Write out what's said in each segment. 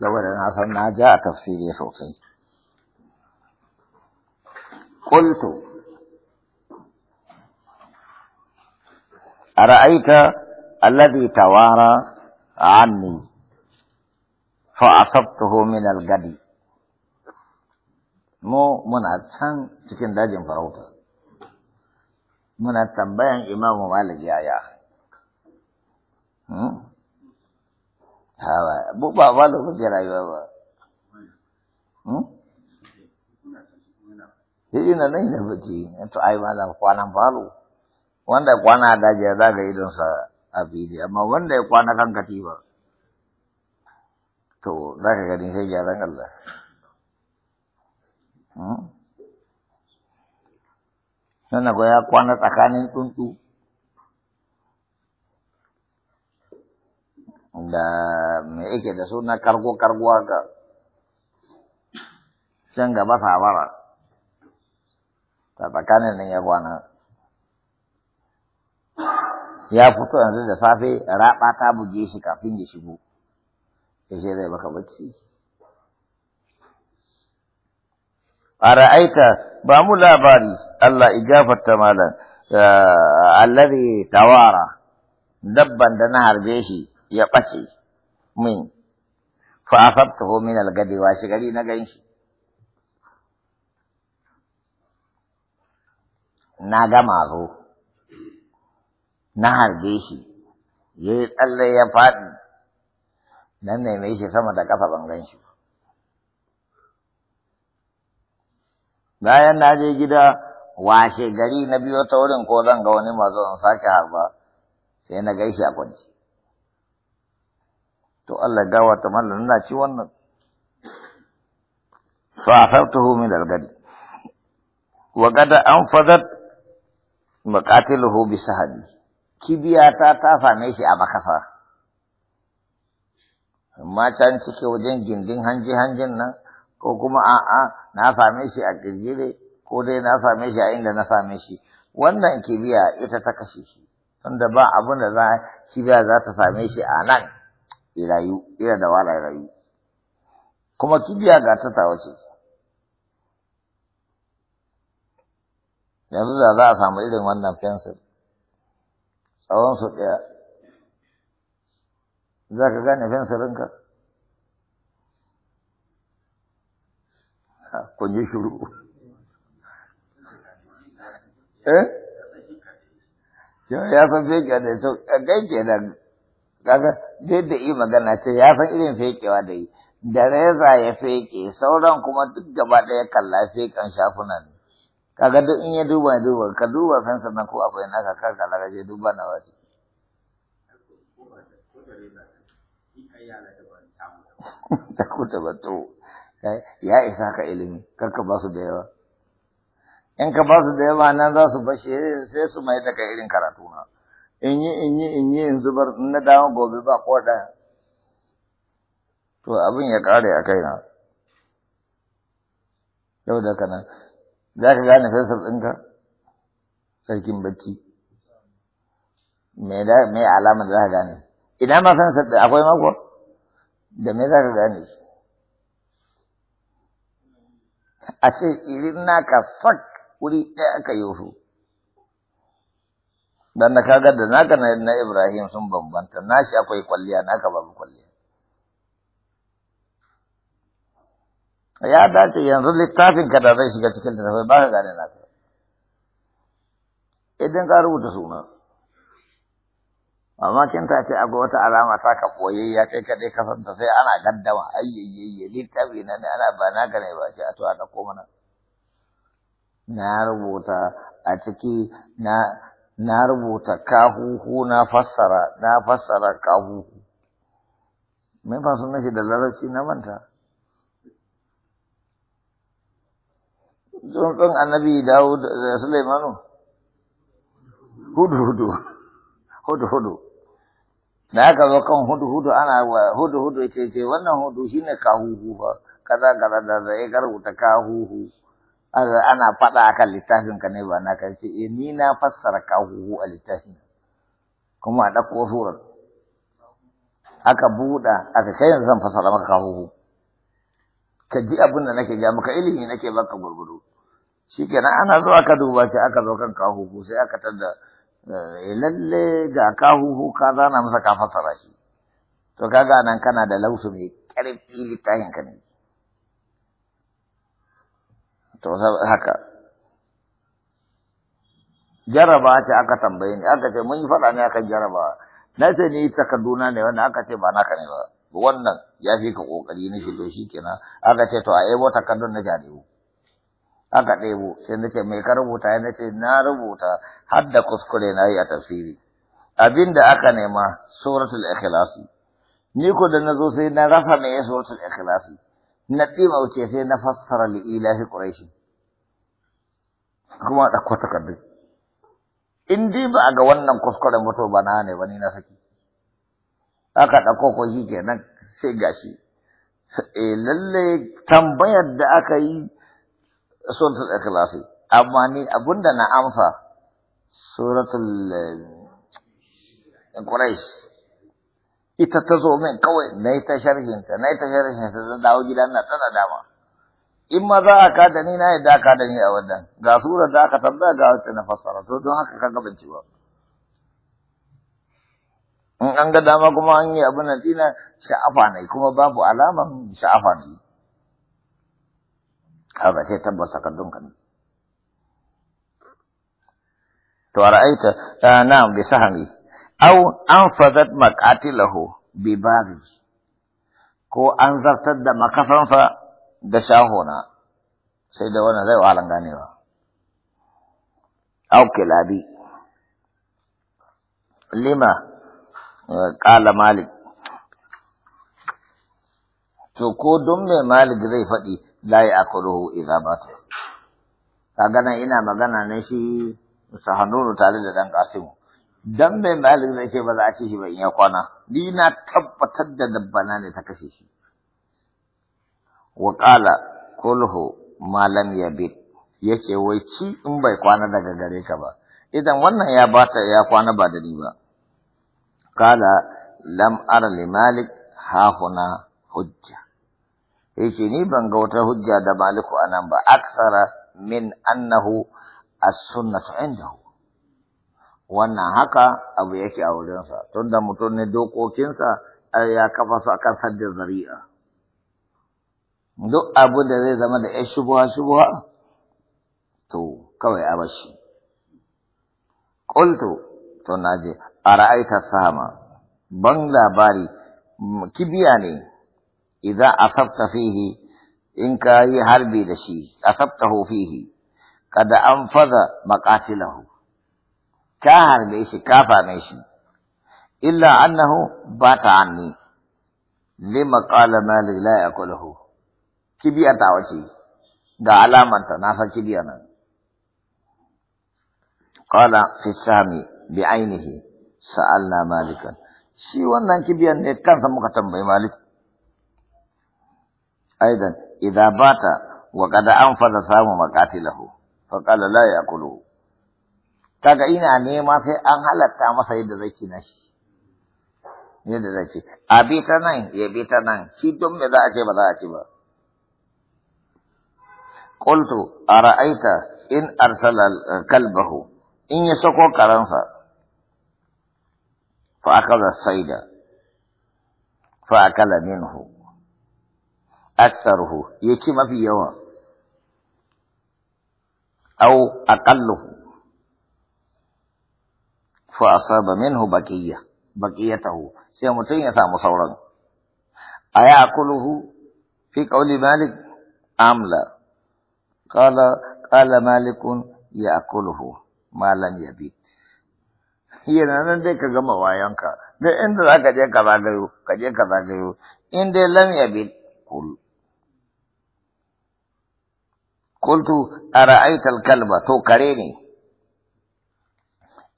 لو أننا أصلنا جاء تفسير يسوسي قلت أرأيت الذي توارى عني فأصبته من الغدي مو من أتشان تكين داجم فروتا من أتنبين إمام مالك يا يا 嗯。Hmm? hawa bu ba ba da kuke rayuwa ba Sai ina nan da e, bacci, to ai ma da kwanan falo. Wanda kwana a daji ya zaga idonsa a fili, amma wanda ya kwana kan katifa, to za ka gani sai gyaran Allah. Sannan ya kwana tsakanin tuntu. da me yake da suna kargo kargowa ka? can gaba sabara ta tsakanin nan ya gwana ya fito yanzu da safe raɓa ta buge shi kafin ya shigo ya ce zai baka bacci a ra'aita ba mu labari Allah igafarta malam eh, allazi tawara dabban da na harbe shi ya ɓace min fa asabtahu min al-gadi gari na na ganshi na ga zo na harbe shi ya yi tsalle ya faɗi nan ne mai shi sama da ƙafa ban gan shi bayan na je gida washe gari na biyo ta wurin ko zan ga wani mazo in sake harba sai na gaishe a kwanci to Allah gawa ta mallan nuna ci wannan fa afartuhu min al wa qad anfadat maqatiluhu bi sahadi kibiya ta ta same shi a makasa amma can cike wajen gindin hanji hanjin nan ko kuma a'a na same shi a kirjire ko dai na same shi a inda na same shi wannan kibiya ita ta kashe shi tunda ba abin da za kibiya za ta same shi a nan rayu ina da wala rayu kuma kibiya ga ta tawa ce yanzu da za a samu irin wannan fensir tsawon su ɗaya za ka gane fensirinka kun yi shuru eh ya san feke da sau ɗan da. kaga duk da yi magana ce ya san irin fekewa da yi da reza ya feke sauran kuma duk gaba ɗaya kalla fekan shafuna ne kaga duk in ya duba ya duba ka duba kan sannan ko akwai naka kar ka laga je duba na waje ta kuta ba to ya isa ka ilimi kar ka ba su da yawa in ka ba su da yawa nan za su bashe sai su mai da kai irin karatu na in yi in yi in yi in zubar na dawo gobe ba ko ɗaya to abin ya ƙare a kaina yau da kana za ka gane fesar ɗinka sarkin bacci me alama za ka gane ina ma san sabbi akwai mako da me za ka gane shi a ce irin naka fak wuri ɗaya aka yi su dan na kaga da naka na Ibrahim sun bambanta nashi akwai kwalliya naka babu kwalliya ya dace yanzu littafin ka da zai shiga cikin tafai ba ka gane naka idan ka rubuta suna amma kin ta ce akwai wata alama ta ka koye ya kai kaɗai ka sai ana gaddama ayyayyayye littafi na ne ana ba naka ne ba ce a to a ɗauko mana na rubuta a ciki na na rubuta kahuhu na fassara na fassara kahuhu mai ba sun shi da larabci na manta tsuntsun annabi dawo da sulaimanu hudu hudu hudu hudu da aka zo kan hudu hudu ana hudu hudu ce ce wannan hudu shine kahuhu fa kaza kaza da zai karuta kahuhu ana faɗa a kan littafin ka ne ba na kai ce eh ni na fassara kahuhu a littafin kuma a ɗauko surar aka buɗa aka kai yanzu zan fassara maka kahuhu ka ji abin da nake ga maka ilimi nake baka shi shikenan ana zuwa aka duba shi aka zo kan kahuhu sai aka e lalle ga kahuhu ka zana masa ka fassara shi to kaga nan kana da lausu mai ƙarfi littafin ka ne to haka jaraba ce aka tambaye ni aka ce mun yi faɗa ne akan jaraba na ce ni ta ne wannan aka ce ba naka ne ba wannan ya fi ka kokari na shi to shi kenan aka ce to a ebo takardun na jaribu aka ɗebo sai na ce mai ka rubuta ya ce na rubuta har da kuskure na yi a tafsiri abin da aka nema suratul ikhlasi ni ko da na zo sai na rasa me ya suratul ikhlasi na wuce sai na fassara li ilahi quraishi kuma da kwata kaddu in dai ba ga wannan kuskuren mutu ba na ne wani na saki aka dauko ko shi kenan sai gashi e eh, lalle tambayar da aka yi sun ta ikhlasi amma ni abunda na amsa suratul eh, quraish ita ta zo min kawai na yi ta sharhinta na yi ta sharhinta zan dawo gida na tana dama in ma za a da ni na yadda aka da ni a wannan ga sura da aka tambaya ga wacce na fassara to don haka ka ban ba in an ga dama kuma an yi abin nan dina sha'afa ne kuma babu alaman sha'afa ne haka sai tabbas takardun kan to ra'aita eh, na bi sahami au an fazat makatilahu bi bari ko an zartar da makafansa da shahona sai da wannan zai wahalan ganewa au kilabi lima ƙala malik to ko don mai malik zai faɗi la ya akuluhu idza bata kaga ina magana ne shi sahanunu tare da dan kasimu dan mai malik zai ce ba za a ce shi ba in ya kwana ni na tabbatar da dabbana ne ta kashe shi wa qala kulhu ma lam yabit yace wai ci in bai kwana daga gare ka ba idan wannan ya bata ya kwana ba da ni ba qala lam ara li malik ha huna hujja yace ni ban ga wata hujja da maliku anan ba aksara min annahu as-sunnah indahu wannan haka abu yake a wurinsa tunda mutum ne dokokinsa ya kafa su akan zari'a duk abu da zai zama da 'yan shubuwa shubuwa to kawai a bashi ƙulto to a ra'aita sama ban labari kibiya ne a sabta fihi in ka yi harbi da shi sabta fihi kada an faza makasilahu. كاهر ميسي كافا ميشي إلا أنه بات عني لما قال ما لا يأكله كبي أتاوشي دا علامة ناسا كبي قال في السامي بعينه سألنا مالكا شي وانا كبي أن يتكن ثم مالك أيضا إذا بات وقد أنفذ ثام مقاتله فقال لا يأكله kaga ina nema sai an halatta masa yadda zai ci na shi yadda zai ci a bi ta nan ya bi ta nan shi don me za a ce ba za a ci ba qultu ara'aita in arsala kalbahu in ya sako karansa fa akala saida fa akala minhu aktsaruhu ya ci mafi yawa au aqalluhu fa asaba minhu baqiyya baqiyatahu sai mutum ya samu sauran aya akuluhu fi qawli malik amla qala qala malikun ya akuluhu malam yabi yana nan dai ka gama wayanka duk inda za ka je ka zagayo ka je ka zagayo in dai lam yabi kul قلت أرأيت to kare ne.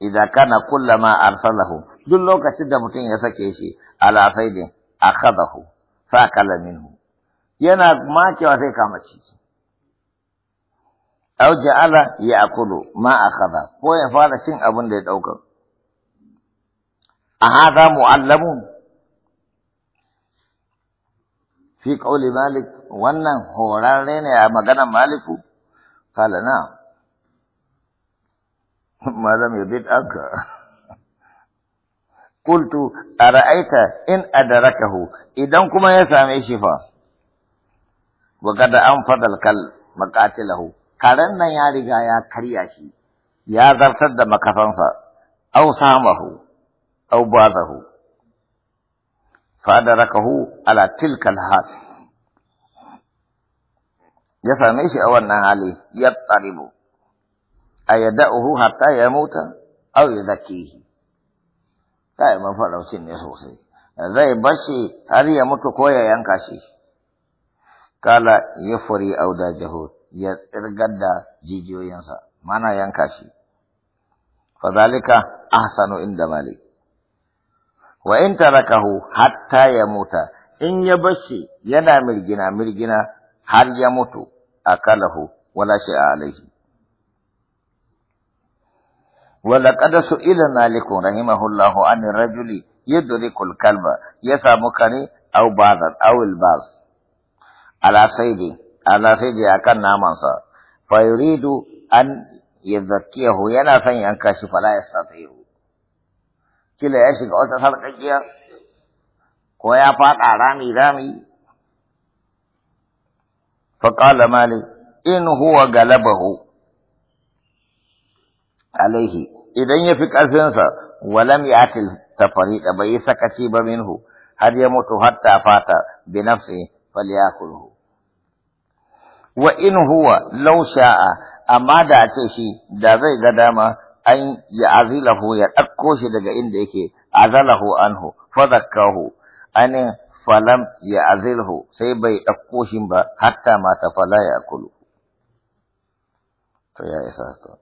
idan kana kullama arsalahu duk lokacin da mutum ya sake shi ala saidin kazahu sa kalamin hu yana makewa sai kama shi aw ja'ala akulu ma a kaza ko ya fara cin abin da ya ɗauka? a mu allamu. fi ƙauli malik wannan horarre ne a maganar maliku kala na ما لم يبدأك قلت أرأيت إن أدركه إذا كما يسامي شفا وقد أنفض الكل مقاتله كرن يا رجايا كرياشي يا درسد مكفنسا أو سامه أو باذه فأدركه على تلك الحال يسامي شي أولنا علي يضطربه ayada'uhu hatta ya muta aw yuzakkihi kai mafaraucin ne sosai zai bashi har ya mutu ko ya yanka shi kala yufri da jahud ya tsirgar da jijiyoyinsa mana yanka shi fadhalika ahsanu inda malik wa in tarakahu hatta ya muta in ya bashi yana mirgina mirgina har ya mutu akalahu wala a alaihi ولقد سئل مالك رحمه الله عن الرجل يدرك الكلب يسامكني أو بعض أو الباص على سيدي على سيدي أكن نامانسا فيريد أن يزكيه ينا فان ينكشف لا يستطيع كلا يشك shiga wata sarƙaƙiya ko ya faɗa رامي rami faƙala malik in huwa alaihi idan ya fi ƙarfinsa walam ya atil tafariɗa bai yi sakaci ba minhu har ya mutu hatta fata bi nafsi falyakulhu wa in huwa law sha'a amma da a ce shi da zai ga dama an ya azilahu ya ɗakko shi daga inda yake azalahu anhu fadakkahu anin falam ya azilhu sai bai ɗakko shi ba hatta mata fala ya kulu to ya isa